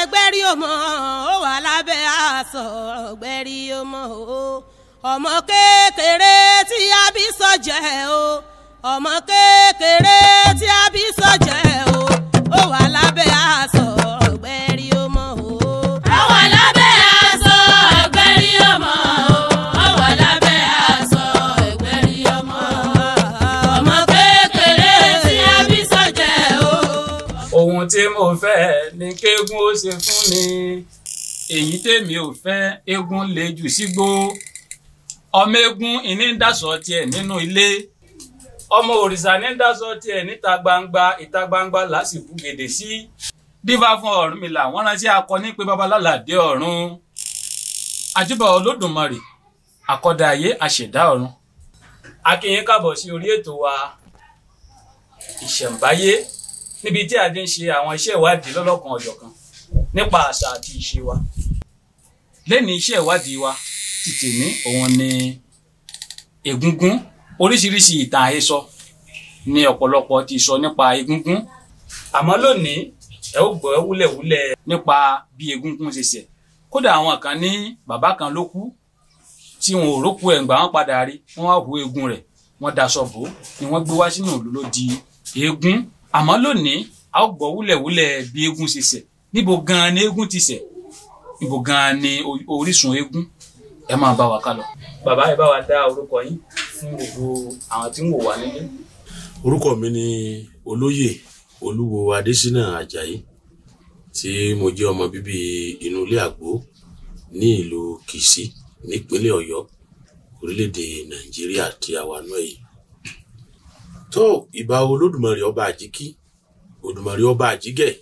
ẹgbẹ́rí ọmọ ó wà lábẹ́ aṣọ ọgbẹ́rí ọmọ o ọmọ kékeré tí a bí sọ́jẹ́ o ọmọ kékeré tí a bí sọ́jẹ́ o ó wà lábẹ́ aṣọ. bẹ́ẹ̀ ni kéegun ó ṣe fún mi èyí tèmi ò fẹ́ eégún lè jù sígbó ọmọ eégún ìní ń dàsọ tiẹ̀ nínú ilé ọmọ òrìṣà ní ń dàsọ tiẹ̀ níta gbangba ìta gbangba lásìkò gèdè sí dífá fún Ọ̀rúnmìlà wọ́n rántí akọni pé babalála dé ọ̀run àjùbà Olódùmarè àkọ́dá àṣẹ̀dá ọ̀run a kí sí orí ètò wa ìṣẹ̀ǹbáyé níbi tí a ti ń ṣe àwọn iṣẹ́ ìwádìí lọ́lọ́kan ọ̀jọ̀kan nípa àṣà àti ìṣe wa lẹ́ni iṣẹ́ ìwádìí wa títí ní òun ni egungun oríṣiríṣi ìtàn àhesọ ní ọ̀pọ̀lọpọ̀ ti sọ nípa egungun àmọ́ lónìí ẹ ó gbọ́ wúlẹ̀wúlẹ̀ nípa bí egungun ṣe ṣẹ̀ kódà àwọn kan ní bàbá kan ló kú tí wọn ò rókú ẹ̀ ń gbà wọ́n padà rí wọ́n wá hu eegun rẹ̀ wọ́n daṣọ bò ni wọ́n gbé wá sínú òlú ló di eegun àmọ́ lónìí a ó gbọ́ wúlẹ̀wúlẹ̀ bí eégún ṣe ṣẹ̀ níbo gan ni eégún ti ṣẹ̀ níbo gan-an ni orísun eégún ẹ máa bá wa ká lọ. bàbá ẹ bá wa dá orúkọ yín fún gbogbo àwọn tí ń wò wá nílé. orúkọ mi ni olóyè olúwo adésínà ajayi tí mo jẹ́ ọmọ bíbí inú ilé àgbo ní ìlú kìsì nípínlẹ̀ ọ̀yọ́ orílẹ̀ nàìjíríà tí a náà yìí. tó ìbà olódùmarè ọba àjíkí olódùmarè ọba àjígẹ̀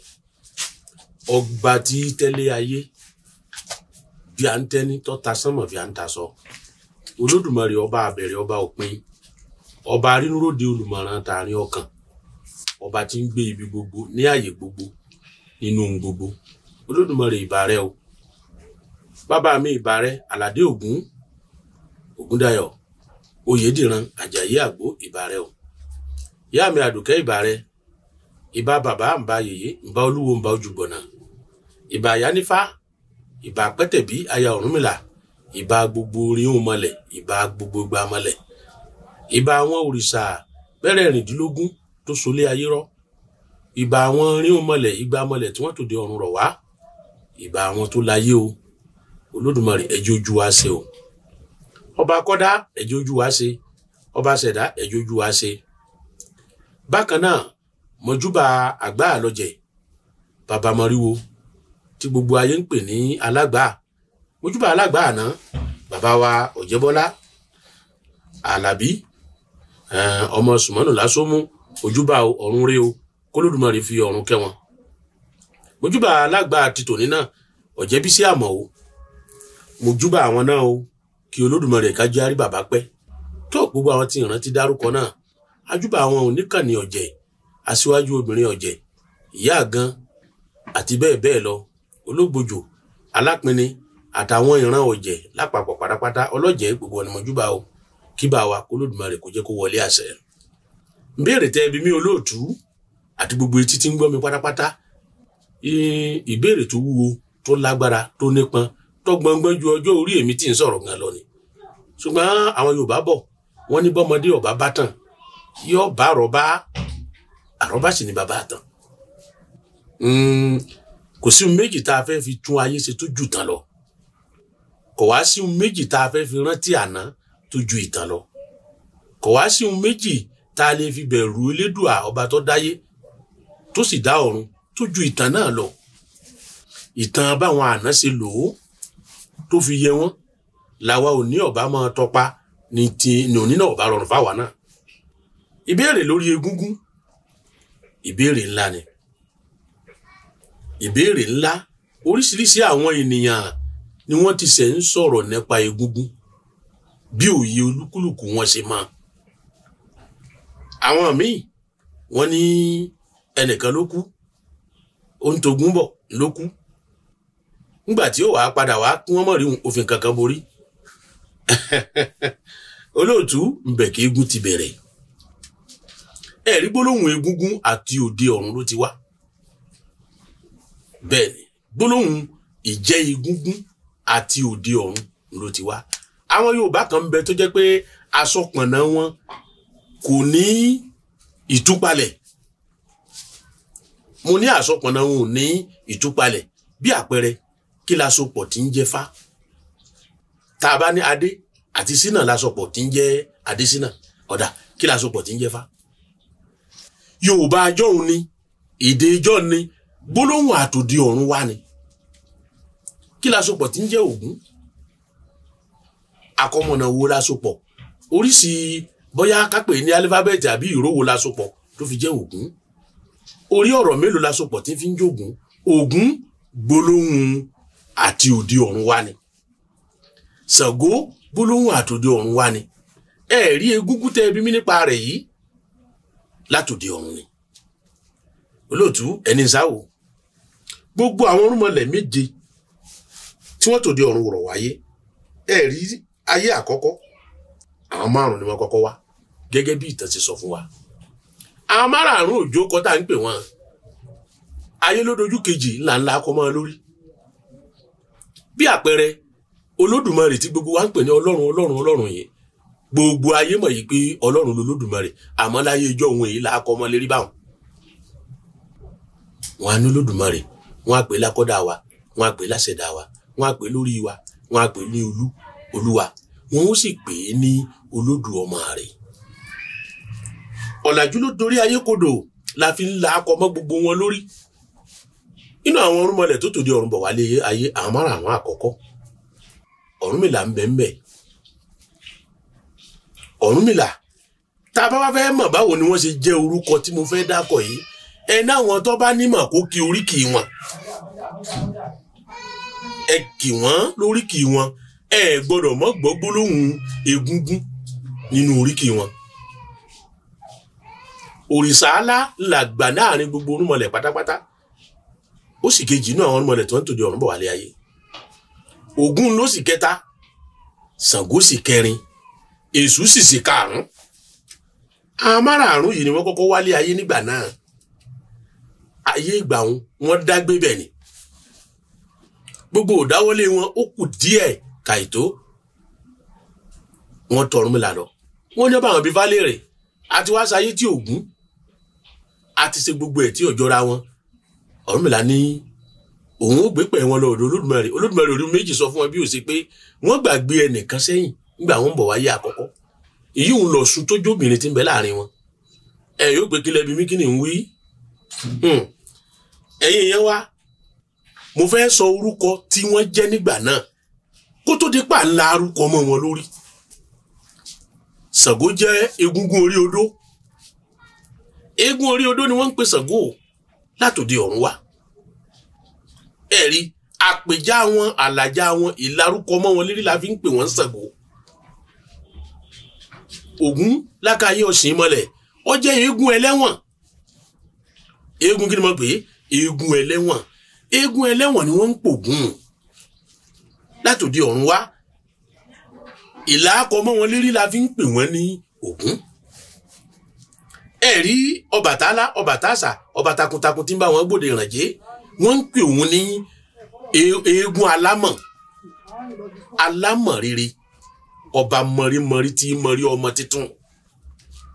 ọba tí tẹ́lẹ̀ ayé bí à ń tó ọba àbẹ̀rẹ̀ ọba òpin ọba arínúròde olùmọ̀ràn tààrin ọkàn ọba tí gbogbo ní gbogbo nínú ohun gbogbo olódùmarè o bàbá mi aládé ògún ìyá mi àdùkẹ́ ìbà rẹ ìbà bàbá ń ba yèyé ń ba olúwo ń ba ojúgbọ̀nà ìbà yanífá ìbà pẹ́tẹ̀bí aya ọ̀rúnmìlà ìbà gbogbo orin òun mọlẹ̀ ìbà gbogbo gba mọlẹ̀ ìbà àwọn òrìṣà bẹ́rẹ̀ rìndínlógún tó solé ayé rọ́ ìbà àwọn orin òun mọlẹ̀ ìgbà mọlẹ̀ tí wọ́n tòde ọ̀run rọ̀ wá ìbà àwọn tó láyé o olódùmarè ẹjọ́ ojú wa ṣe o ọba kọ́dá ẹjọ́ ojú wa ṣe ọba ṣẹ̀dá ẹjọ́ ojú wa ṣe bákan náà mọ̀júbà àgbà àlọ́jẹ̀ bàbá mọ̀ríwo tí gbogbo ayé ń pè ní alágbà mọ̀júbà alágbà àná bàbá wa ọ̀jẹ̀bọ́lá alábí eh, ọmọ sùmọ́nù lásómú ojúbà ọ̀run rẹ o kólódùmarè fi ọ̀run kẹ́ wọn mọ̀júbà alágbà ti tòní náà ọ̀jẹ̀bísí àmọ̀ o mọ̀júbà àwọn náà o kí olódùmarè kájí àrí bàbá pẹ́ tó gbogbo àwọn tí ìrántí dárúkọ náà ajúbà àwọn oníkànnì ọ̀jẹ̀ aṣíwájú obìnrin ọ̀jẹ̀ ìyá àgan àti bẹ́ẹ̀ bẹ́ẹ̀ lọ ológbòjò alápinni àtàwọn ìran ọ̀jẹ̀ lápapọ̀ pátápátá ọlọ́jẹ̀ gbogbo ọ̀nà mọ̀júbà o kíbà wa kó lódùmarè kó jẹ́ kó wọlé àṣẹ. ìbéèrè tẹ ibi mi olóòtú àti gbogbo etí tí ń gbọ́ mi pátápátá ìbéèrè tó wúwo tó lágbára tó nípọn tó gbọngbọn ju ọjọ́ orí èmi tí ń sọ̀rọ̀ gan lọ ni ṣùgbọ́n àwọn Yorùbá bọ̀ wọ́n ní bọ́mọdé ọ̀bá bá yóò bá àrọ́bá àrọ́bá sì ni bàbá àtàn hmm, kò sí ohun méjì tá a fẹ́ fi tún ayé ṣe tó ju tán lọ kò wá sí ohun méjì tá a fẹ́ fi rántí àná tó ju ìtàn lọ kò wá sí ohun méjì tá a lè fi bẹ̀rù elédùà ọba tó dáyé tó sì dá ọ̀run tó ju ìtàn náà lọ ìtàn báwọn àná ṣe lò ó tó fi yẹ wọn làwa ò ní ọba máa tọpa ní ti ní òní náà ọba rọrùn fáwa náà ìbéèrè lórí egúngún ìbéèrè ńlá ni ìbéèrè ńlá oríṣiríṣi àwọn ènìyàn ni wọ́n ti ṣẹ̀ ń sọ̀rọ̀ nípa egúngún bí òye olúkúlùkù wọn ṣe máa àwọn míì wọ́n ní ẹnìkan ló kú ó ń togún bọ̀ ló kú nígbà tí ó wàá padà wá kí wọ́n mọ̀ rí òfin kankan borí olóòtú ń bẹ̀ ti bẹ̀rẹ̀ ẹ̀rí gbólóhùn egúngún àti òde ọ̀run ló ti wá bẹ́ẹ̀ ni gbólóhùn ìjẹ́ egúngún àti òde ọ̀run ló ti wá àwọn Yorùbá kan ń bẹ tó jẹ́ pé asọpọ̀nà wọn kò ní ìtúpalẹ̀ mo ní àsọpọ̀nà wọn ò ní ìtúpalẹ̀ bí àpẹẹrẹ kí la sopọ̀ tí ń jẹ́ fá tá a bá ní adé àti sínà la sopọ̀ tí ń jẹ́ adésínà ọ̀dà kí la sopọ̀ tí ń jẹ́ fá yorùbá ajọ́hun ni èdè ijọ́ ni gbólóhùn àtòdì ọ̀run wa ni kí la sopọ̀ tí ń jẹ́ ògún àkọmọ̀nà wo la sopọ̀ oríṣi bóyá kápẹ́ ní alifábẹ́ẹ̀tì àbí ìró wo la sopọ̀ tó fi jẹ́ ògún orí ọ̀rọ̀ mélòó la sopọ̀ tí fi ń jògún ògún gbólóhùn àti òdi ọ̀run wa ni ṣàngó gbólóhùn àtòdì ọ̀run wa ni ẹ̀ẹ́rí egúngún tẹ́ ẹbí mi nípa rẹ̀ yìí látòde ọ̀run ni olóòtú ẹni sáwò gbogbo àwọn orúnmọlẹ̀ méje tí wọ́n tòde ọ̀run rọ̀ wáyé ẹ rí ayé àkọ́kọ́ àwọn márùn ni wọ́n kọ́kọ́ wá gẹ́gẹ́ bí ìtàn ti sọ fún wa àwọn márààrún òjò kọ tá à ń pè wọ́n ayé ló dojú kejì ńláńlá kọ mọ́ lórí bí àpẹẹrẹ olódùmarè tí gbogbo wa ń pè ní ọlọ́run ọlọ́run ọlọ́run yìí gbogbo ayé mọ̀ yìí pé ọlọ́run lolódùmarè àmọ́ láyé ijó òun èyí làákọ́ ọmọ lérí báwọn. wọn á ní olódùmarè wọn á pè lákọ́dá wa wọn á pè láṣẹ̀dá wa wọn á pè lórí wa wọn á pè ní olú olúwa wọn ó sì pè é ní Olódùmarè. ọ̀làjú ló dorí ayé kodò la fi ń la akọ gbogbo wọn lórí inú àwọn ọ̀rúnmọlẹ̀ tó tòde ọ̀run bọ̀ wálé ayé àwọn márùn-ún àkọ́kọ́ Ọ̀rúnmìlà ń bẹ ń bẹ Ọ̀rúnmìlà tá a bá wá fẹ́ mọ̀ báwo ni wọ́n ṣe jẹ́ orúkọ tí mo fẹ́ dákọ̀ yìí ẹ náwọn tó bá nímọ̀ kó kí oríkì wọn ẹ kì wọ́n lóríkì wọn ẹ gbọ́dọ̀ mọ́ gbọ́ gbólóhùn egúngún nínú oríkì wọn òrìṣà alá làgbà láàrin gbogbo orúnmọlẹ̀ pátápátá ó sì kejì inú àwọn orúnmọlẹ̀ tó ń tòde ọ̀run bọ̀ wálé ayé Ògún ló sì kẹta Ṣàngó sì kẹrin èṣù sì sì karùn-ún yìí ni wọ́n kọ́kọ́ wálé ayé nígbà náà ayé ìgbà wọn wọ́n dágbé bẹ̀ ni gbogbo òdáwọlé wọn ó kù díẹ̀ kàìtó wọ́n tọrùn mi lànà wọ́n jọba àwọn bíi válérè àti wá sáyé tí ògún àti ṣe gbogbo ẹ̀ tí òjọra wọn Ọ̀rúnmìlà ní òun ó gbé pẹ̀ wọn lọ ọ̀dọ̀ Olódùmarè Olódùmarè orí sọ fún wọn bí ó ṣe pé wọ́n gbàgbé ẹnìkan sẹ́yìn nígbà wọn bọ̀ wáyé àkọ́kọ́ èyí ń lọ sùn tójú obìnrin ti ń bẹ láàrin wọn ẹ yóò gbé kílẹ̀ bí mí kí ni ń wí hmm. ẹ̀yin yẹn wá mo fẹ́ sọ orúkọ tí wọ́n jẹ́ nígbà náà kó tó di pa ńlá arúkọ mọ́ wọn lórí Ṣàngó jẹ́ egúngún orí odó eégún orí odó ni wọ́n ń pè Ṣàngó látòde ọ̀run wá ẹ̀rí àpèjá wọn àlàjá wọn ìlarúkọ mọ́ wọn lérí la fi ń pè wọ́n Ṣàngó Ogun lákàyè ọ̀sìn mọ́lẹ̀ ó jẹ́ eégún ẹlẹ́wọ̀n eégún kí ni mo pè é eégún ẹlẹ́wọ̀n eégún ẹlẹ́wọ̀n ni wọ́n ń pògùn látòdì ọ̀run wá ìlà akọmọ wọn lérí la fi ń pè wọ́n ní Ògún ẹ rí Ọbàtálá Ọbàtásà ọba takuntakun tí ń bá wọn gbòde ìrànjẹ́ wọ́n ń pè òun ní e-, eégún alámọ̀ alámọ̀ rere ọba mọ̀rímọ̀rí tí mọ̀rí ọmọ titun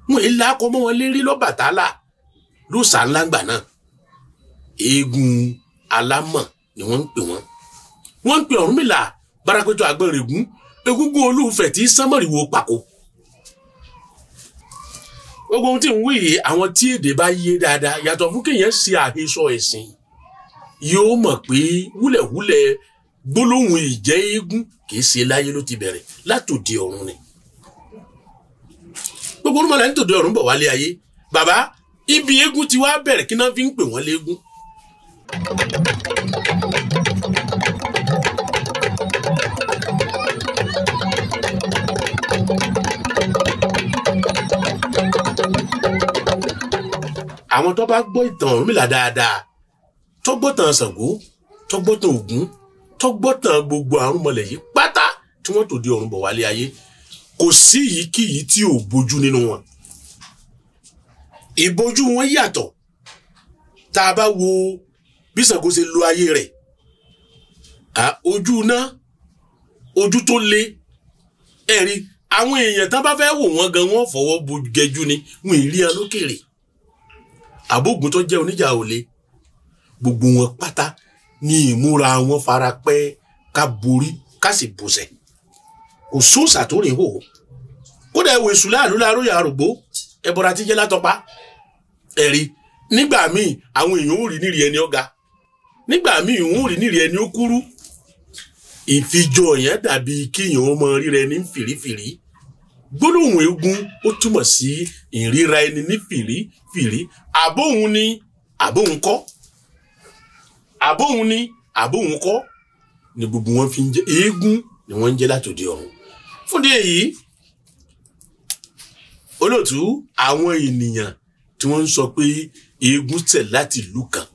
wọn èlà akọ mọ wọn lérí lọ́bàtálá lóòsà ńlágbà náà eégún alámọ̀ ni wọ́n ń pè wọ́n wọ́n ń pè Ọ̀rúnmìlà bárakójọ àgbọ̀nrẹ̀gún egúngún olúfẹ̀ tí sánmọ̀rìwò pàkó gbogbo ohun tí ń wí yìí àwọn tí èdè bá yé dáadáa yàtọ̀ fún kéèyàn ṣe àhesọ ẹ̀sìn yóò mọ̀ pé wúlẹ̀wúlẹ̀ gbólóhùn ìjẹ́ eégún kìí ṣe láyé ló ti bẹ̀rẹ̀ látòdì ọ̀run ni gbogbo olúmọlẹ ní tòdì ọ̀run bọ̀ wálé ayé bàbá ibi eégún ti wá bẹ̀rẹ̀ kí náà fi ń pè wọ́n léégún. àwọn tó bá gbọ́ ìtàn Ọ̀rúnmìlà dáadáa tó gbọ́ tàn Ṣàngó tó gbọ́ tàn Ògún tọ́gbọ́tàn gbogbo àrùn mọ̀lẹ̀ yìí pátá tí wọ́n tò di ọ̀run bọ̀ wálé ayé kò sí yìí kí yìí tí ò bójú nínú wọn ìbójú wọn yàtọ̀ tá a bá wo bí Ṣàngó ṣe lo ayé rẹ̀ ojú náà ojú tó le ẹ̀rí àwọn èèyàn tán bá fẹ́ wò wọ́n gan wọ́n fọwọ́ bo gẹjú ni wọn ì rí ẹ lókèrè àbógun tó jẹ́ oníjà òle gbogbo wọn pátá ni ìmúra wọn fara pẹ́ ká borí ká sì bùsẹ̀ kò sóòsà tó rìn hò kódà ìwé sùn láàlú láròyà àrògbó ẹbọra tí jẹ́ látọpa ẹ̀rí nígbà míì àwọn èèyàn ò rí nírì ẹni ọ̀gá nígbà míì òun ò rí nírì ẹni ó kúrú ìfijọ yẹn dàbí kíyàn ọmọ rírẹ ní fìrífìrí gbólóhùn eégún ó túmọ̀ sí ìríra ẹni ní fìrífìrí àbóhun ni àbóhun kọ́ àbóhun ni àbóhun kọ́ ni gbogbo wọn fi ń jẹ eégún ni wọ́n ń jẹ látòdì ọ̀run fúndì èyí olóòtú àwọn ènìyàn tí wọ́n ń sọ pé eégún ṣẹ̀ láti ìlú kan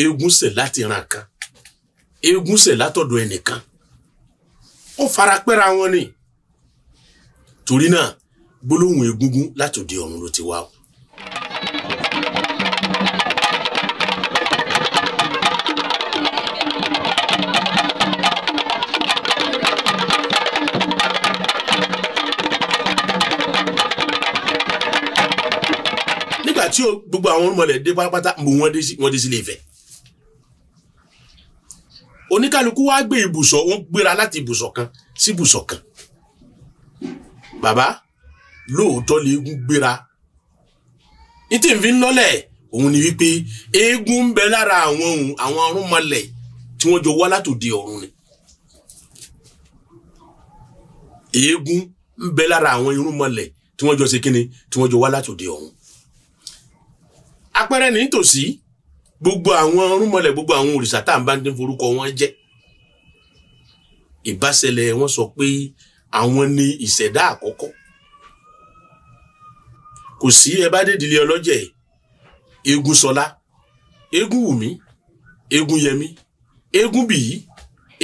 eégún ṣẹ̀ láti ìran kan eégún ṣẹ̀ látọ̀dọ̀ ẹnìkan ó fara pẹ́ra wọn ni torí náà gbólóhùn egúngún látòdì ọ̀run ló ti wá o tí gbogbo àwọn olùmọ̀lẹ̀ dé pátápátá mú wọn dé sílé Ifẹ̀ oníkálukú wá gbé ibùsọ̀ wọn gbéra láti ibùsọ̀ kan sí ibùsọ̀ kan bàbá lóòótọ́ léegun gbéra ní tí n fi ń lọ́lẹ̀ òun ni wípé eégún ń bẹ lára àwọn ohun àwọn arúnmọlẹ̀ tí wọ́n jọ wá látòde ọ̀run ni eégún ń bẹ lára àwọn irúnmọlẹ̀ tí wọ́n jọ ṣe kíni tí wọ́n jọ wá látòde ọ̀run apẹrẹ ní tòsí gbogbo àwọn rúmọlẹ̀ gbogbo àwọn òrìṣà tá à ń bá ní forúkọ wọn jẹ́ ìbáṣẹlẹ̀ wọn sọ pé àwọn ni ìṣẹ̀dá àkọ́kọ́ kò sí ẹ bá dédìlé ọlọ́jẹ̀ eégún sọlá eégún wùmí eégún yẹmí eégún bìyí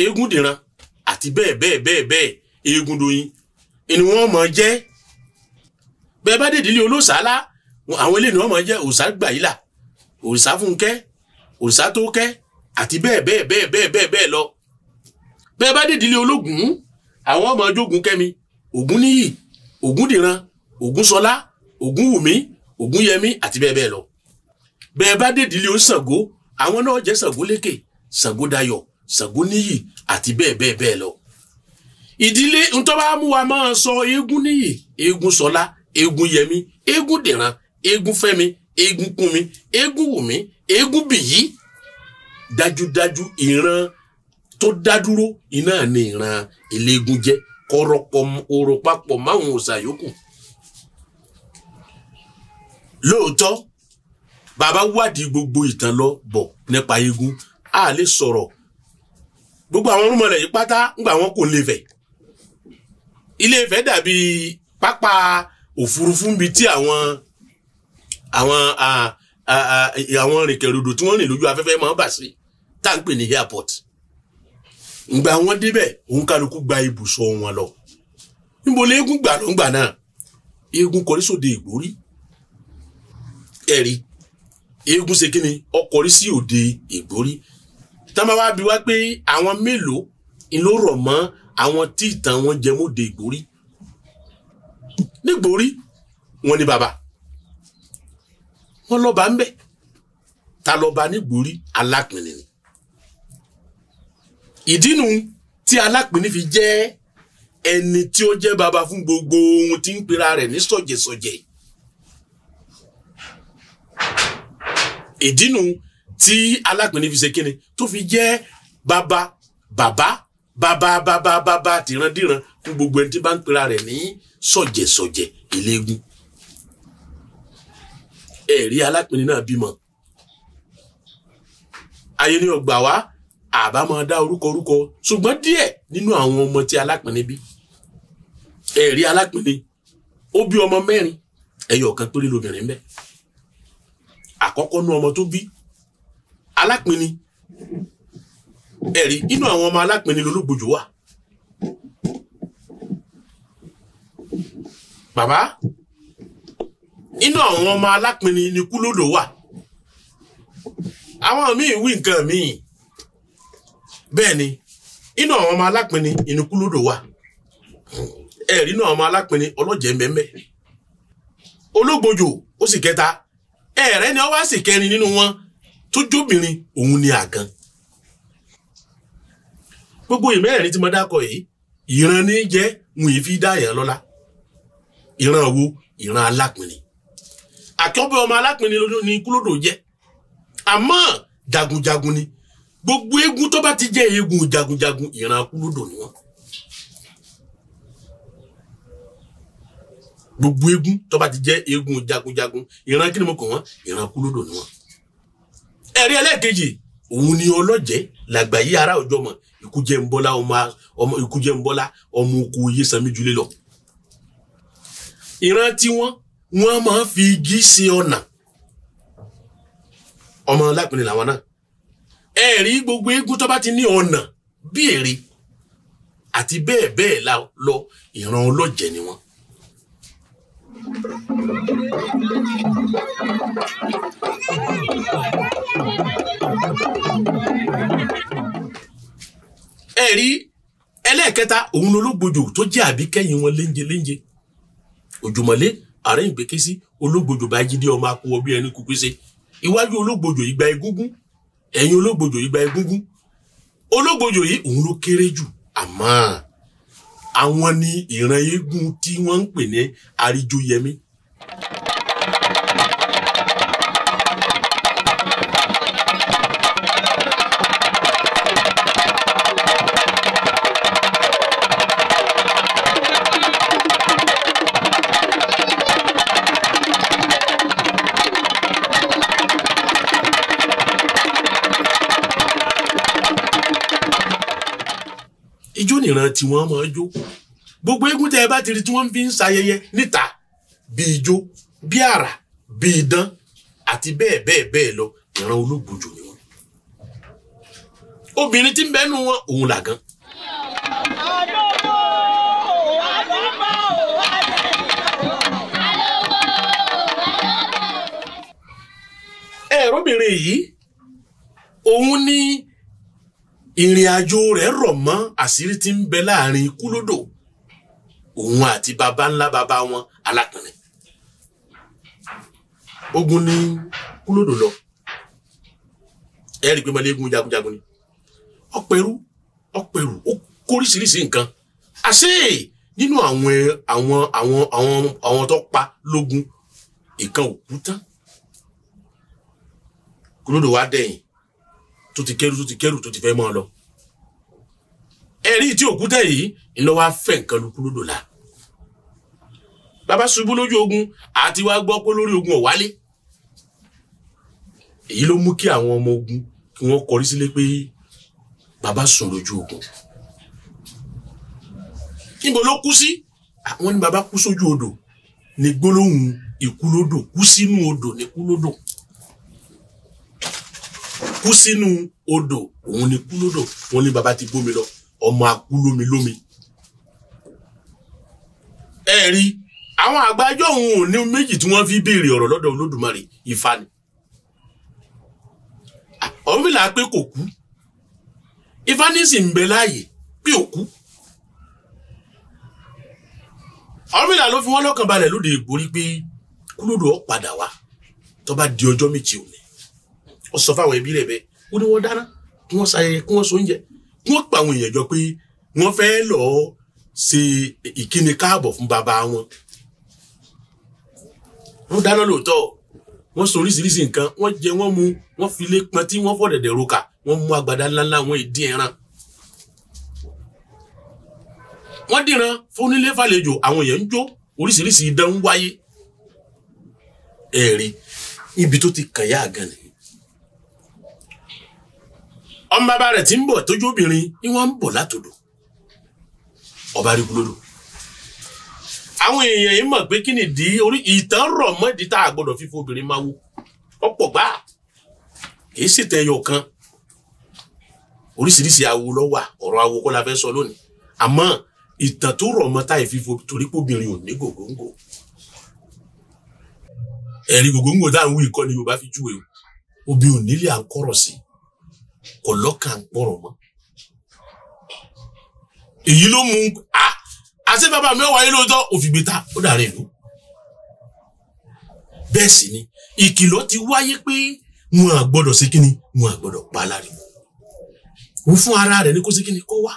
eégún dìran àti bẹ́ẹ̀ bẹ́ẹ̀ bẹ́ẹ̀ bẹ́ẹ̀ eégún doyin ni mọ̀ jẹ́ bẹ́ẹ̀ bá dédìlé olóṣàlá àwọn eléyìí ni wọ́n máa jẹ́ òòṣà gbàyìlà òòṣà fúnkẹ́ òòṣà tókẹ́ àti bẹ́ẹ̀ bẹ́ẹ̀ bẹ́ẹ̀ bẹ́ẹ̀ bẹ́ẹ̀ bẹ́ẹ̀ lọ bẹ́ẹ̀ bá dé ìdílé ológun àwọn ọmọ ọjọ́gun kẹ́mi ògúnníyì ògúndìran ògúnsọlá ògúnwùmí ògúnyẹmí àti bẹ́ẹ̀ bẹ́ẹ̀ lọ bẹ́ẹ̀ bá dé ìdílé oníṣàngó àwọn náà jẹ́ ṣàngó lékè ṣàngó dayọ̀ ṣàngó níyì àti bẹ́ẹ̀ bẹ́ẹ̀ bẹ́ẹ̀ lọ ìdílé ntọ́ba mú wa máa sọ eégún níyì eégún sọlá eégún yẹmí eégún dìran eégún fẹ́mi eégún kúnmi eégún wumi, eégún biyi, dájúdájú ìran tó dádúró iná ni ìran eléégún jẹ́ kọrọpọ orò papọ̀ máwọn òòṣà yòókù lóòótọ́ bàbá wádìí gbogbo ìtàn lọ bọ̀ nípa eégún a lè sọ̀rọ̀ gbogbo àwọn orúnmọlẹ̀ yìí pátá ńgbà wọn kò lè fẹ̀ Ilé Ifẹ̀ dàbí pápá òfurufú níbi tí àwọn àwọn àwọn rìnkèrúdò tí wọ́n rìn lójú afẹ́fẹ́ máa ń bà sí tá à ń pè ní airport ìgbà wọn débẹ̀ òun kálukú gba ibùsọ̀ wọn lọ níbo lè eégún gbà ló ń gbà náà eégún kọrí sóde ìgbórí ẹ̀rí eégún ṣe kíni ọkọrí sí òde ìgbórí táwọn bá wá bi wá pé àwọn mélòó ló rọ̀ mọ́ àwọn tí ìtàn wọn jẹ mọ́ òde ìgbórí nígbórí wọn ni bàbá wọ́n lọ́ba ń bẹ̀ ta lọ́ba nígbòrí alápìnì ni ìdínú tí alápìnì fi jẹ́ ẹni tí ó jẹ́ baba fún gbogbo ohun tí ń pera rẹ̀ ní sọ̀jẹ̀sọ̀jẹ̀ ìdínú tí alápìnì fi ṣe kíni tó fi jẹ́ baba bàbá bàbá bàbá bàbá tìrandíran fún gbogbo ẹni tí bá ń pera rẹ̀ ní sọ̀jẹ̀sọ̀jẹ̀ eléégún ẹ̀rí alápinni náà bímọ ayé ni ọgbà wá àbámọ dá orúkọ orúkọ ṣùgbọ́n díẹ̀ nínú àwọn ọmọ tí alápinni bí ẹ̀rí alápinni ó bí ọmọ mẹ́rin ẹyọ kan péré lóbìnrin bẹ́ẹ̀ àkọ́kọ́ nú ọmọ tó bí alápinni ẹ̀rí inú àwọn ọmọ alápinni lolúgbòjò wà bàbá nínú àwọn ọmọ alápinni ni kúlódò wà àwọn míì wí nǹkan míì bẹ́ẹ̀ ni nínú àwọn ọmọ alápinni ni kúlódò wà ẹ̀rí náà ọmọ alápinni ọlọ́jẹ̀ mẹ́mẹ́ ológbojò ó sì kẹta ẹ̀rẹ́ ni ó wá sì kẹrin nínú wọn tó jóbìnrin òun ni àgàn gbogbo ìmẹ́rẹ̀ẹ́rin tí mo dákọ̀ yìí ìran ní jẹ́ wọn ì fi dá ìran lọ́lá ìran wo ìran alápinni àkọ́bẹ̀ ọmọ alápinni ni kúlódò jẹ́ àmọ́ jagunjagun ni gbogbo eégún tó bá ti jẹ́ eégún jagunjagun ìran kúlódò ni wọ́n. gbogbo eégún tó bá ti jẹ́ eégún jagunjagun ìran kí ni mo kàn wọ́n ìran kúlódò ni wọ́n. ẹ̀rí ẹlẹ́ẹ̀kejì òun ni ọlọ́jẹ́ làgbàyé ara òjọ́ mọ̀ ìkújẹ́ ọmọ ìkújẹ́ ọmọ oko oyè sami jùlé lọ. ìran tiwọn wọ́n máa ń fi igi ṣe ọ̀nà ọmọ lápẹ̀lẹ̀ làwọn náà ẹ rí gbogbo eégún tó bá ti ní ọ̀nà bí èrè àti bẹ́ẹ̀ bẹ́ẹ̀ lọ ìran ọlọ́jẹ̀ ni wọ́n. ẹ rí ẹlẹ́ẹ̀kẹta òun lológbòjò tó jẹ́ àbíkẹ́yìn wọn léńjeléńje òjùmọ̀lé àárín ìgbékésí olóògbòjò bá jíde ọmọ akọwọ bí ẹni kúkú ṣe iwájú olóògbòjò yìí gba egúngún ẹ̀yìn olóògbòjò yìí gba egúngún olóògbòjò yìí òun ló kéré jù àmọ́ àwọn ni ìran eégún tí wọ́n ń pè ní àríjóyẹmí ìran tí wọ́n máa jó gbogbo eégún tẹ́ ẹ bá ti rí tí wọ́n fi ń ṣayẹyẹ níta bí ijó bí àrà bí idán àti bẹ́ẹ̀ bẹ́ẹ̀ bẹ́ẹ̀ lọ ìran olóògbòjò ni wọ́n. obìnrin tí ń bẹ́nu wọn òun làgán. ẹ̀rọbìnrin yìí òun ni ìrìn àjò rẹ̀ rọ̀ mọ́ àṣírí tí ń bẹ láàrin kúlódò òun àti baba ńlá baba wọn alákùnrin ogun ní kúlódò lọ ẹ rí i pé mọlẹ́gùn jagunjagun ni ọ̀pẹ̀rù ọ̀pẹ̀rù ó kóríṣiríṣi nǹkan àṣé nínú àwọn àwọn àwọn àwọn àwọn tó pa lógun ìkan òkúta kúlódò wá dẹ̀yìn tó ti kẹrù tó ti kẹrù tó ti fẹ́ mọ́ ọ lọ ẹ̀rí tí òkúta yìí ńlọ wá fẹ́ nǹkan lukú lódò la baba ṣubú lójú ogun àti wá gbọ́ pé lórí ogun ọ̀wálé èyí ló mú kí àwọn ọmọ ogun kí wọ́n kọrí sílé pé bàbá sùn lójú ogun níbo ló kú sí àwọn ní bàbá kú sójú odò ní gbólóhùn ikú lódò kú sínú odò ní kú lódò kú sínú odò òun ni kú lódò wọn ní baba ti gbómi lọ ọmọ akú lómi ẹ rí àwọn àgbájọ òun ò ní méjì tí wọ́n fi béèrè ọ̀rọ̀ lọ́dọ̀ olódùmarè Ifá ni ọ̀rúnmìlà pé kò kú Ifá ní sì ń bẹ láàyè pé ò kú ọ̀rúnmìlà ló fi wọ́n lọ́kàn balẹ̀ lóde ìgbórí pé kúlódò ó padà wá tó bá di ọjọ́ méje òní ó sọ fáwọn ẹbí rẹ̀ bẹ́ẹ̀ ó ní wọ́n dáná kí wọ́n ṣayẹyẹ kí wọ́n sóúnjẹ kí wọ́n pa àwọn èèyàn jọ pé wọ́n fẹ́ lọ ṣe ìkíni káàbọ̀ fún bàbá wọn wọ́n dáná lóòótọ́ wọ́n sọ oríṣiríṣi nǹkan wọ́n jẹ wọ́n mu wọ́n fi lé pọntí wọ́n fọ́ dẹ̀dẹ̀ roka wọ́n mú agbada ńláńlá wọn ìdí ẹran wọ́n dìran fúnilé fàlejò àwọn èèyàn ń jó oríṣiríṣi idán ń wáyé ẹ̀rí ibi tó ti kàn yá gan ọmọ bàbá rẹ̀ ti ń bọ̀ tójú obìnrin ni wọ́n ń bọ̀ látòdò ọba rí gbólódò àwọn èèyàn yìí mọ̀ pé kí ni di orí ìtàn rọ̀ mọ́dí tá a gbọ́dọ̀ fífi obìnrin máa wo ọ̀pọ̀ gbà kìí ṣètẹ̀ ẹyọ kan oríṣiríṣi awo ló wà ọ̀rọ̀ awo kọ́ la sọ lónìí àmọ́ ìtàn tó rọ̀ mọ́ táyì fífo torí pé ò ní gògóńgò ẹ̀rí gògóńgò tá à ń wí ìkọ́ni Yorùbá fi júwe o obìnrin ò nílé à ń kọ́rọ̀ sí i kò lọ́kàn gbọ́rọ̀ mọ́ èyí ló mú a ah, àti bàbá mi ò wáyé lóòótọ́ òfìgbè ta ó dàrin ìlú bẹ́ẹ̀ sì ni ìkìlọ̀ ti wáyé pé wọn à gbọ́dọ̀ ṣe kíni wọn à gbọ́dọ̀ pa láriwo wọ́n fún ara rẹ̀ ní kó ṣe kíni kó wá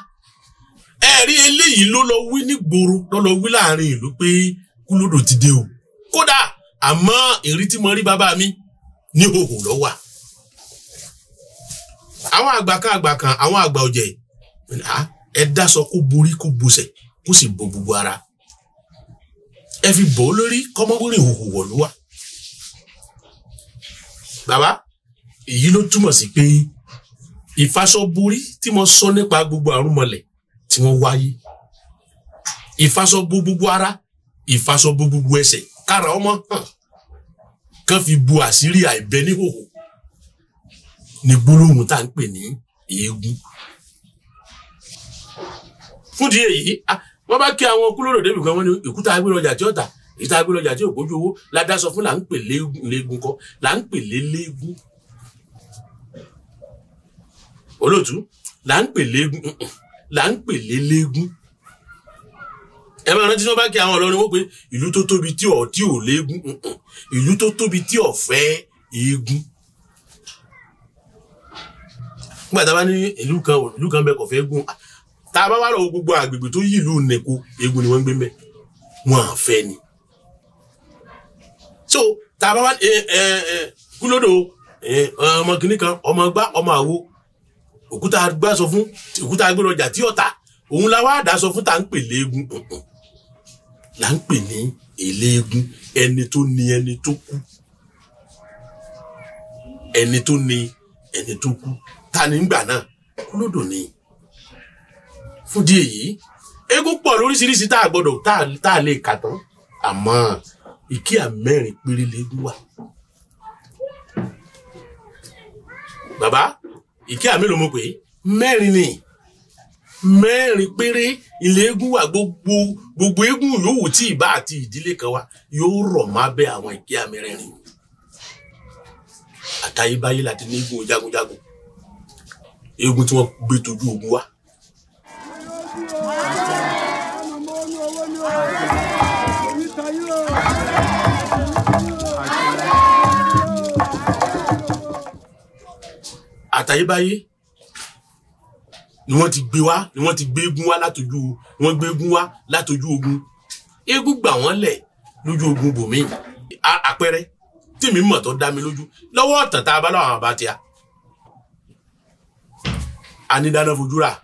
ẹ̀rí eléyìí ló lọ wí nígboro ló lọ wí láàrin ìlú pé kúlódò ti dé o kódà àmọ́ èrí tí mo rí bàbá mi ní hòhò ló wà àwọn àgbà kan àgbà kan àwọn àgbà ọ̀jẹ̀ yìí ẹ dáṣọ kó borí kó bùsẹ̀ kó sì bo gbogbo ara ẹ fi bò ó lórí kọ́mọ́gbọ́nrin ìhòhò wọ̀lúwa bàbá èyí ló túmọ̀ sí pé ìfasọborí tí mo sọ nípa gbogbo àrùn mọlẹ̀ tí wọ́n wáyé ìfasọbo gbogbo ara ìfasọbo gbogbo ẹsẹ̀ kára ọmọ hàn kán fi bu àṣírí àìbẹ níhòhò ni gbólóhùn tá à ń pè ní eégún. fúndì èyí wọ́n bá kí àwọn kúlóòrò débi kan wọ́n ní ìkúta agbélọjà tí ọ̀tà ìta agbélọjà tí òkójú owó ládásọ fún là ń pè léegun kọ là ń pè léegun olóòtú là ń pè léegun là ń pè léegun ẹ máa rántí tí wọ́n bá kí àwọn ọlọrin wọn pé ìlú tó tóbi tí ò tí ò léegun ìlú tó tóbi tí ò fẹ́ eégún nígbà tá a bá ní ìlú kan ìlú kan bẹ kò fẹ́ tá a bá wà lọ gbogbo àgbègbè tó yí ìlú nìkó eégún ni wọ́n ń gbé mbẹ́ wọn à fẹ́ ni. so tá a bá wà ẹ ẹ ẹ kúlódò ọmọ kìnnì kan ọmọ gbá ọmọ àwo òkúta gbá sọ fún òkúta gbẹrọjà tí ọ̀tá òun la wá dá sọ fún tá à ń pè léegun là ń pè ní eléegun ẹni tó ni ẹni tó kú ẹni tó ni ẹni tó kú ta ní gbà náà olódò ni fúdí èyí eégún pọ̀ lóríṣiríṣi tá a gbọ́dọ̀ tá a lè kà tán àmọ́ ìkí àmẹ́rin péré léegun wà. bàbá ìkí àmì ló mọ̀ pé mẹ́rin ni mẹ́rin péré ilé eégún wà gbogbo gbogbo eégún yòówù tí ìbá àti ìdílé kan wà yóò rọ̀ má bẹ́ àwọn ìkí àmì rẹ̀ rìn àtayébáyé láti ní eégún jagunjagun eégún tí wọ́n gbé tójú ogun wá. àtayébáyé ni wọ́n ti gbé wá ni wọ́n ti gbé eégún wá látojú wọ́n gbé eégún wá látojú ogun eégún gbà wọ́n lẹ̀ lójú ogun bòmíì àpẹẹrẹ tèmi mọ̀ tó dá mi lójú lọ́wọ́ ọ̀tàn tá a bá láwọn àbá tí a anídáná fojú rà.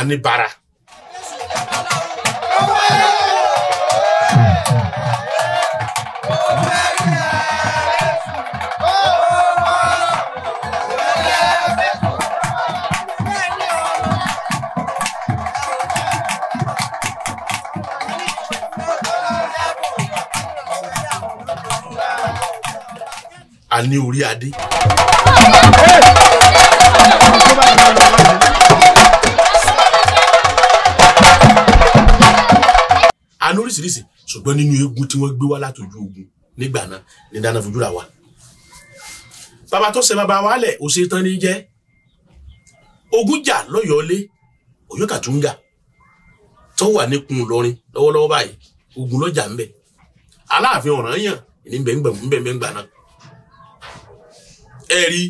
anibara. a ní orí adé. a lóríṣiríṣi ṣùgbọ́n nínú eégún tí wọ́n gbé wá látòjú ogun nígbà náà ní dáná fojú ra wa. bàbá tó ṣe bàbá wa lẹ̀ òṣè tán ní jẹ́ ogun jà lọ́yọ̀ọ́lé Ọ̀yọ́ Kàtúngà tó wà níkùn Ìlọrin lọ́wọ́lọ́wọ́ báyìí ogun lọ́jà ń bẹ Aláàfin Ọ̀rànyàn ní bẹ̀ngbẹ̀ngbà náà ẹ̀rí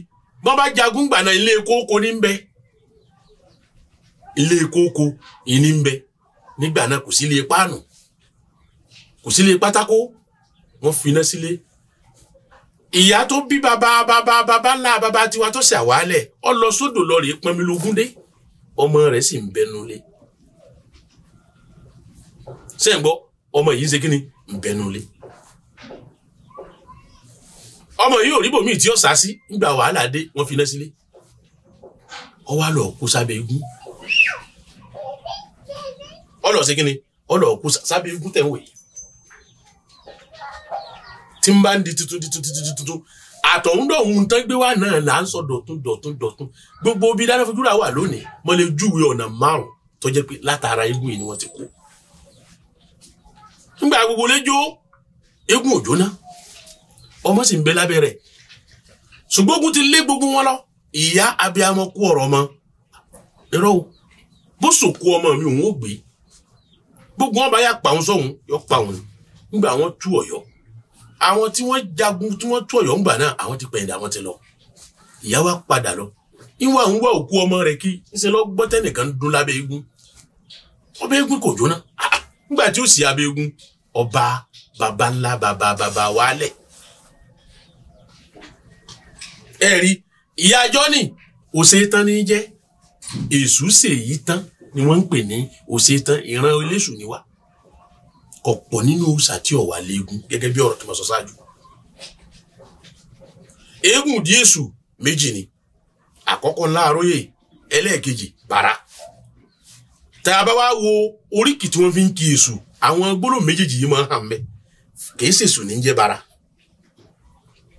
bọ́n bá jagun gbà náà ilé kókó ní bẹ ilé kókó ní bẹ nígbà náà kò sí ilé páànù kò sílé pátákó wọ́n finá sílé ìyá tó bí baba bàbá baba ńlá bàbá tiwa tó ṣe àwálẹ̀ ọ lọ sódò lọ rèé pọnmi lógún dé ọmọ rẹ̀ sì ń bẹnu lé ṣé ń gbọ́ ọmọ yìí ń ṣe kí ni ń bẹnu lé ọmọ yìí ò rí bòmíì tí ó sá sí nígbà wàhálà dé wọ́n finá sílé ọ wá lọ kó sábẹ́ igun ọ lọ ṣe kí ni ọ lọ kó sábẹ́ igun tẹ̀ wọ̀ yìí tí n bá ń di tuntun di tuntun di tuntun àtọ̀húndọ̀hún tán gbé wá náà là ń sọ dọ̀tún dọ̀tún dọ̀tún gbogbo bí dáná fojúra wà lónìí mo lè júwe ọ̀nà márùn tó jẹ́ pé látara eégún yìí ni wọ́n ti kú. nígbà gbogbo léjó eégún òjò náà ọmọ sì ń bẹ lábẹ́ rẹ̀ ṣùgbọ́n ti lé gbogbo wọn lọ ìyá abiyamọ kú ọ̀rọ̀ ọmọ irọ́ o bó sòkú ọmọ mi òun ò gbé gbogbo wọn bá yà pa òun yọ pa nígbà wọn tú Ọ̀yọ́ àwọn tí wọ́n jagun tí wọ́n tú Ọ̀yọ́ ń gbà náà àwọn ti pẹ̀yìndà wọ́n ti lọ ìyá wa padà lọ ìwà ń wá òkú ọmọ rẹ̀ kí ṣe lọ gbọ́ tẹ́nìkan dún lábẹ́ eégún ọbẹ̀ eégún kò jóná nígbà ah, tí ó sì abẹ́ eégún ọba baba ńlá baba baba wálẹ̀ ẹ rí ìyá jọ́nì òṣè tán ní jẹ́ èṣù ṣèyí tán ni wọ́n ń pè ní òṣè tán ìran eléṣù ni wá ọ̀pọ̀ nínú òòṣà tí ọ̀wà léegun gẹ́gẹ́ bí ọ̀rọ̀ tó mọ̀ sọ ṣáájú. eégún ìdí èṣù méjì ni àkọ́kọ́ láàróyè ẹlẹ́ẹ̀kejì bara. tá a bá wá wo oríkì tí wọ́n fi ń kí èṣù àwọn gbólóhùn méjèèjì yìí máa ń hàn mẹ́ kìí ṣèṣù ní jẹ́ bàrà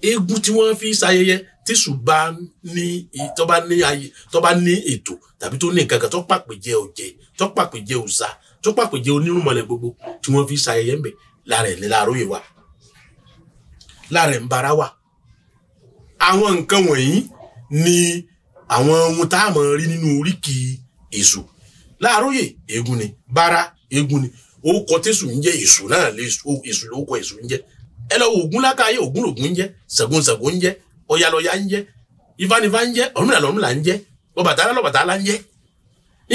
eégún tí wọ́n fi ṣayẹyẹ tíṣù bá ní tó bá ní ètò tàbí tó ní nǹkan kan tó pàpè jẹ ọ̀jẹ̀ tó pàpè jẹ òòṣà tó pàpèjẹ onírúnmọlẹ̀ gbogbo tí wọ́n fi ṣayẹyẹ ńbẹ lára ẹ̀ ní wa lára ẹ̀ ń bara wa àwọn nǹkan wọ̀nyí ni àwọn ohun tá a mọ̀ rí nínú oríkì èṣù láàróyè eégún ni bara eégún ni orúkọ tẹ̀sù ń jẹ́ èṣù náà lè èṣù lórúkọ èṣù ń jẹ́ ẹ lọ ògún lákàáyé ògún lògún ń jẹ́ ṣàngó ṣàngó ń jẹ́ ọ̀yà ń jẹ́ ifá ń jẹ́ ọ̀rúnmìlà lọ̀rúnmìlà ń jẹ́ ọbàtálá lọ̀bàtálá ń jẹ́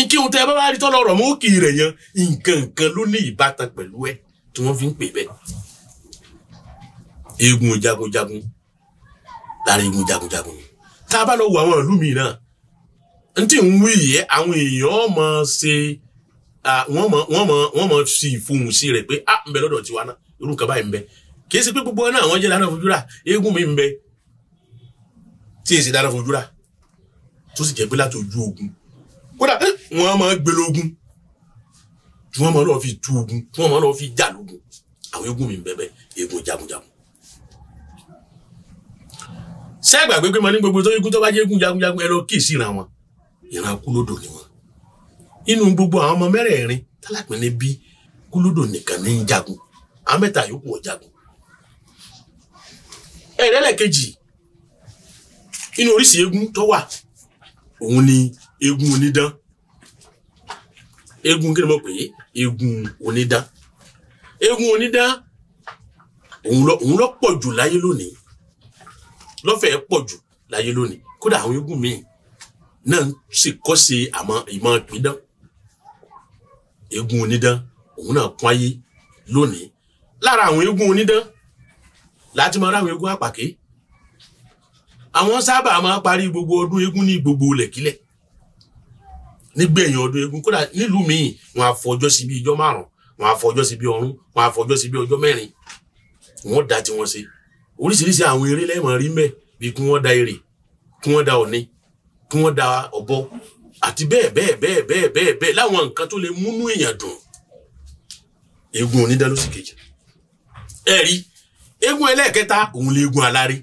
nkíhun tẹ bá wá rí tọ́lọ̀ ọ̀rọ̀ mú kì í rẹ̀ yan nǹkan kan ló ní ìbátan pẹ̀lú ẹ̀ tí wọ́n fi ń pè bẹ́ẹ̀. eegun jagunjagun lára eegun jagunjagun tá a bá lọ wo àwọn ìlú mi náà n tí ń wí yẹ àwọn èèyàn mọ̀ ṣe wọ́n mọ̀ wọ́n mọ̀ wọ́n mọ̀ sí ìfohùn sí rẹ̀ pé a ń bẹ lọ́dọ̀ tiwa náà irú kan báyìí ń bẹ kì í ṣe pé gbogbo náà wọ́n jẹ́ dáná fojú rà eégún mi ń bẹ tí èsì dáná fojú rà tó sì jẹ́ pé láti ojú ogun kódà wọn máa gbé lógún tí wọn máa lọ fi tú ogun tí wọn máa lọ fi jà lógun àwọn eégún mi bẹbẹ eégún jagunjagun sẹgbà gbégbé mọ ní gbogbo tó eégún tó bá jẹ eégún jagunjagun ẹ lọ kí ìsìnra wọn ìran kúlódò ni wọn inú gbogbo àwọn ọmọ mẹ́rẹ̀ẹ̀rin tálápínlẹ bí kúlódò nìkan ní jagun àwọn mẹ́ta yòókù wọn jagun ẹrẹlẹ kejì inú oríṣi eégún tó wà òun ni eégún onídán eégún kí ni mo pè é eégún onídán eégún onídán òun lọ òun lọ pọ̀ jù láyé lónìí lọ́fẹ̀ẹ́ pọ̀ jù láyé lónìí kódà àwọn eégún míì náà ń sì kọ́sẹ̀ àmọ́ ìmọ̀ pidán eégún onídán òun náà kún ayé lónìí lára àwọn eégún onídán láti máa ráwọn eégún àpàké àwọn sábà máa parí gbogbo ọdún eégún ní gbogbo lẹ̀kílẹ̀ nígbẹ̀yìn ọdún eégún kódà nílùú míì wọn á fọjọ́ sí bí ijọ́ márùn wọn á fọjọ́ sí bí ọ̀run wọn á fọjọ́ sí bí ọjọ́ mẹ́rin wọn da tí wọn ṣe oríṣiríṣi àwọn eré lẹ́mọ̀ rí mẹ́ bí kí wọ́n da èrè kí wọ́n da ọ̀ni kí wọ́n da ọ̀bọ àti bẹ́ẹ̀ bẹ́ẹ̀ bẹ́ẹ̀ bẹ́ẹ̀ bẹ́ẹ̀ bẹ́ẹ̀ láwọn nǹkan tó lè múnú èèyàn dùn eégún onídàlósì kejì ẹ rí eégún ẹlẹ́ẹ̀kẹta òun lè eégún aláré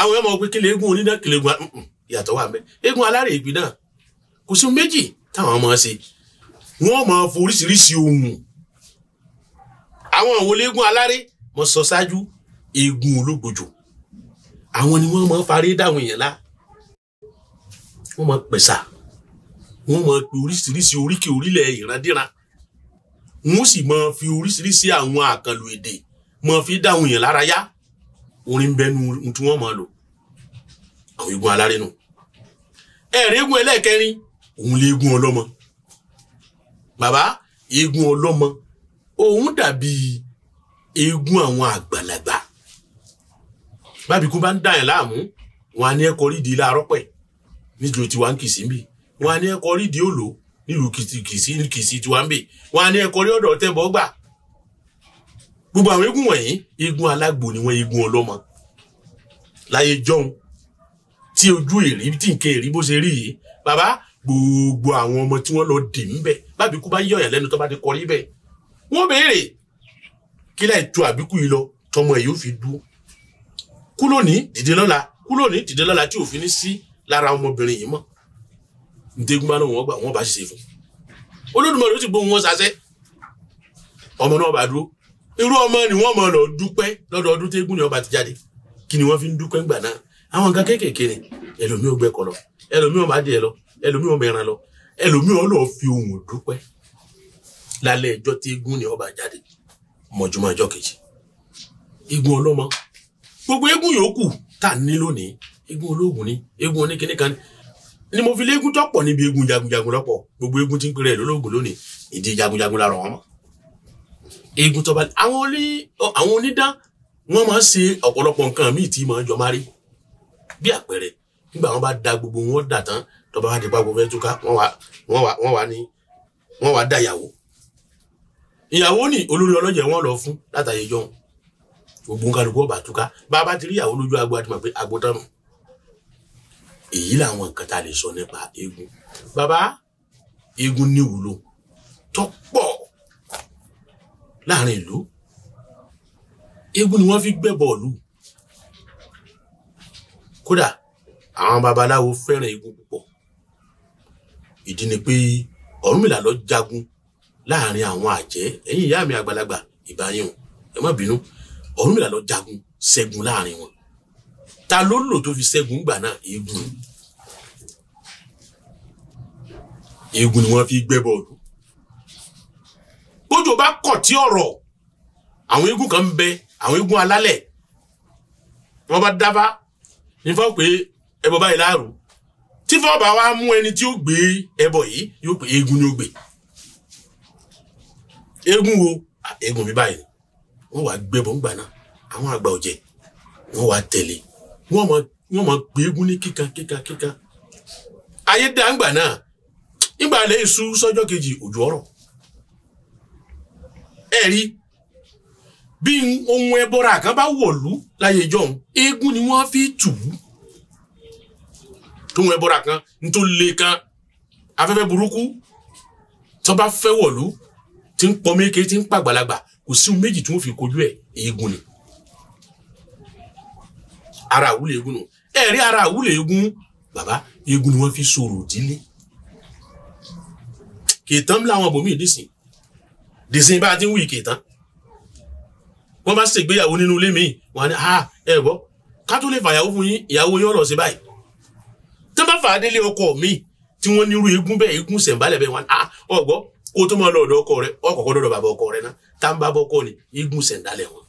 àwọn ọmọ pé kí lè eégún onídàkìlẹ̀ eégún yàtọ̀ wà mẹ́ eégún aláré ìpín náà kò sí méjì táwọn máa ṣe wọ́n máa fo oríṣiríṣi ohun àwọn òwòléegun aláré mo sọ ṣáájú eegun ológbòjò àwọn ni wọ́n máa farí dáwọn èèyàn lá wọ́n máa pẹ̀sà wọ́n máa pe oríṣiríṣi oríkè orílẹ̀ ìrandíran wọ́n sì máa fi oríṣiríṣi àwọn àkànlò èdè máa fi dáwọn èèyàn lára yá orin bẹnu tí wọ́n máa lò àwọn eegun aláré nù ẹ̀rí eegun ẹlẹ́ẹ̀kẹrin òun léegun ọlọ́mọ bàbá eégún ọlọ́mọ òun dàbí eégún àwọn àgbàlagbà bábí kú bá ń dàyàn láàmú wọn á ní ẹkọ rídìí láàárọ̀ pẹ nílùú tiwa ń kì sí mbì wọn á ní ẹkọ rídìí òlò nílùú kìsì kìsì tiwa ń bì wọn á ní ẹkọ rí ọ̀dọ̀ tẹbọ gbà gbogbo àwọn eégún wọ̀nyí eégún alágbo ni wọn eégún ọlọ́mọ láyé jọhún tí ojú èrè tí nǹkan èrè bó ṣe rí yìí bàbá gbogbo àwọn ọmọ tí wọ́n lọ dì ń bẹ̀ bábíkú bá yọ̀yàn lẹ́nu tó bá ti kọrí bẹ̀ wọ́n béèrè kí láì tu àbíkú yìí lọ tọmọ yìí ó fi dúró kú lónìí dìde lọ́la kú lónìí dìde lọ́la tí òfin ní sí lára ọmọbìnrin yìí mọ́ ntẹ́gun bá náà wọ́n gbà wọ́n bá ṣe fún Olódùmarè ó ti gbóhùn wọn sasẹ́ ọmọ náà bá dúró irú ọmọ ni wọ́n mọ̀ lọ dúpẹ́ lọ́dọọdún tẹ́gùn ni ọba ti jáde kí ni wọ́n fi ń dúpẹ́ ńgbà náà àwọn nǹkan kéékèèké ni ẹlòmíì ó gbẹ́kọ̀ lọ ẹlòmíì ó má dìẹ lọ ẹlòmíì ó mẹran lọ ẹlòmíì ó lọ fi ohùn dúpẹ́ lálẹ́ ẹjọ́ tí eégún ni ọba jáde mọ̀júmọ́ ẹjọ́ kejì eégún ọlọ́mọ gbogbo eégún yòókù tá a ní lónìí eégún olóògùn ni eégún oníkíní kan ni mo fi léegun tó pọ̀ níbi eégún jagunjagun lọ́pọ̀ gbogbo eégún tí ń pèrè lólóògùn lónìí ìdí jagunjagun la rọ̀ wọ́n mọ́ eégún tó bá àwọn oní àwọn onídán wọ́n máa ń ṣe ọ̀pọ̀lọpọ̀ nǹkan míì tí máa ń jọ máa rí bí àpẹẹrẹ nígbà wọn bá da gbogbo wọn dà tán lọ́ba wá di pa gbogbo ẹtúká wọ́n wà ni wọ́n wà dá ìyàwó ìyàwó ni olórí ọlọ́jẹ̀ wọ́n lọ fún látàyè jọ̀hún gbogbo kálukú ọba túká bá a bá ti rí ìyàwó lójú agbo àti màgbé agbo tán èyí làwọn nǹkan tá a lè sọ nípa eégún bàbá eégún ní ìwúlò tó láàrin ìlú eégún ni wọ́n fi gbẹ́ bọ́ọ̀lù kódà àwọn babaláwo fẹ́ràn eégún púpọ̀ ìdí ni pé ọ̀rúnmìlà lọ jagun láàrin àwọn àjẹ́ ẹ̀yin ìyá mi àgbàlagbà ìbáyẹn o ẹ má bínú ọ̀rúnmìlà lọ jagun ṣẹ́gun láàrin wọn ta ló lò tó fi ṣẹ́gun gbà náà eégún ni eégún ni wọ́n fi gbẹ́ bọ́ọ̀lù bójú bá kọ̀ tí ọ̀rọ̀ àwọn eégún kan ń bẹ àwọn eégún alálẹ̀ wọ́n bá dábàá nífọ̀ pé ẹ bọ́ báyìí láàrú tí fọba wa mú ẹni tí ó gbé ẹbọ yìí yóò pé eégún ni ó gbé eégún wo ah, eégún mi báyìí wọn wàá gbẹbọ ń gbà náà àwọn àgbà ọjẹ wọn wàá tẹ̀lé wọn mọ wọn mọ pé eégún ní kíkan kíkan kíkan ayé dá ń gbà náà nígbà lè su sọ́jọ́ kejì òjò ọ̀rọ̀ ẹ rí bí ohun ẹbọra kan bá wọ̀lú láyé jọ̀hún eégún ni wọ́n fi tù ú tóun ẹbọra kan ní tó le kan afẹ́fẹ́ burúkú tó bá fẹ́ wọ̀lú tí ń pọn méke tí ń pàgbàlagbà kò sí ohun méjì tí wọ́n fi kojú ẹ̀ eégún ni ara àwúlé eégún nù ẹ rí ara àwúlé eégún bàbá eégún ni wọ́n fi sọ̀rọ̀ dílé kèétán làwọn bòmíì dìsìn dìsìn bá a ti ń wí kèétán wọ́n bá ṣègbéyàwó nínú ilé mi wọ́n á ní ẹ gbọ́ ká tó lè fàyàwó fún yín ìyàwó yín ọ̀rọ̀ sí báyìí tó bá fà á délé ọkọ mi tí wọ́n nírú igun bẹ́ẹ̀ igun sẹ̀ǹbálẹ̀ bẹ́ẹ̀ wọn à ọgbọ́ ah, kó tó máa lọ ọ̀dọ̀ ọkọ rẹ ọkọ̀kọ́ dọ̀dọ̀ bàbá ọkọ rẹ náà tá ń bá bọ́kọ ni igun sẹ̀ǹdálẹ̀ wọn.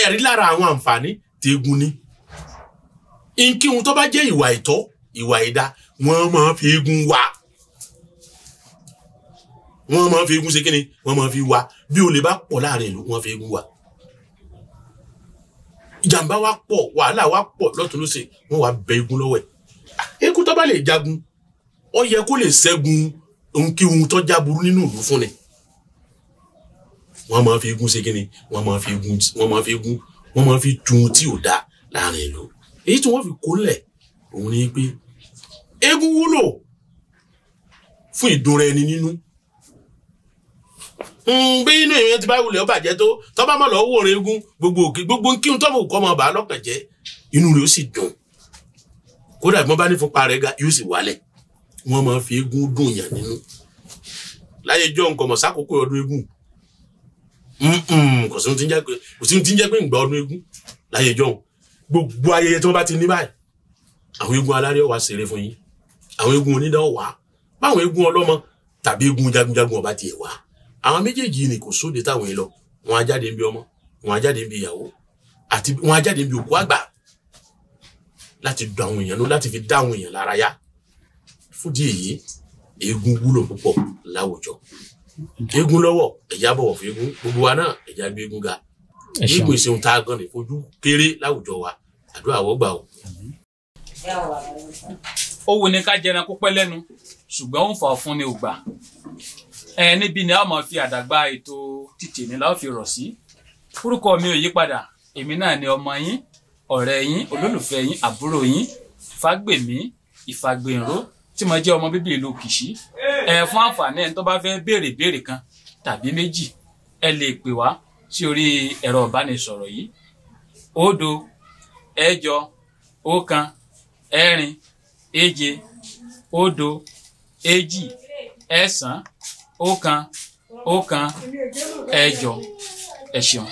ẹ̀rí lára àwọn àǹfààní tí igun ní nkíhun tó bá jẹ́ ìwà ìtọ́ ìwà ìdá wọ́n máa fi igun wá wọ́n máa fi igun ṣe kí ni wọ́n máa fi wá bí olè bá pọ̀ láàrin ìlú wọ́n fi igun wá ìjàmbá wa pọ̀ wàhálà wa pọ̀ lọ́tùnúnṣe wọ́n wá bẹ igun lọ́wọ́ ẹ̀ ikú tó bá lè jagun ó yẹ kó lè ṣẹ́gun ohunkíhun tó jáburú nínú ìlú fún ni wọ́n máa fi igun ṣe kí ni wọ́n máa fi igun wọ́n máa fi igun wọ́n máa fi tun tí ò dáa láàrin ìlú èyí tí wọ́n fi kó lẹ̀ òun ni pé eégún wúlò fún ìdúnra ẹni nínú Hmm, bí inú ìyẹn ti bá wulẹ̀ ó bàjẹ́ tó tọ́ba mọ̀ lọ́wọ́ orin egun gbogbo òkè gbogbo kí n tọ́mọ̀ kọ́ ọmọ bàá lọ́kàn jẹ́ inú rẹ̀ ó sì dùn kódà bí wọ́n bá ní fúnpa rẹ̀ ga yóò sì wálẹ̀ wọ́n máa fi egun dùn yàn nínú láyé jọ nǹkan mọ̀ sákòókò ọdún egun kò sí ohun tí ń jẹ́ pé ń gba ọdún egun láyé jọ gbogbo ayẹyẹ tí wọ́n bá ti ní báyìí àwọn egun aláré ọ̀wá ṣeré fún yín àwọn egun onídàá ọ̀wá báwọn egun ọlọ́mọ tàbí egun jagunjagun ọba tiẹ̀ wá àwọn méjèèjì ni kò sóde táwọn yìí lọ wọn á jáde ń bí ọmọ wọn á jáde ń bí ìyàwó àti wọn á jáde ń bí òkú àgbà láti dùn àwọn èèyàn ló láti fi dá àwọn èèyàn lára yá fúdí èyí eégún wúlò púpọ̀ láwùjọ eégún lọ́wọ́ ẹ̀yà bọ̀wọ̀ fún eégún gbogbo wa náà ẹ̀yà gbé eégún ga eégún ìṣeun tá a gan ní fojú kéré láwùjọ wa àdúrà wọ́n gbà o. ó wù ní ká jẹran kó pẹ́ lẹ́nu ṣùgbọ́n ó ń fà fún ni ò ẹ níbi ni a máa fi àdàgbà ètò títì ní láò fi rọ̀ sí orúkọ mi ò yí padà èmi náà ni ọmọ yín ọ̀rẹ́ yín olólùfẹ́ yín àbúrò yín Fágbèmí Ìfàgbèǹró tí mo jẹ́ ọmọ bíbí ìlú Kìṣí ẹ fún àǹfààní ẹni tó bá fẹ́ béèrè béèrè kan tàbí méjì ẹ lè pè wá sí orí ẹ̀rọ ìbánisọ̀rọ̀ yìí òdo ẹ̀jọ ọ̀kan ẹ̀rin èje òdo èjì ẹ̀sán ọ̀kan ọ̀kan ẹ̀jọ ẹ ṣeun.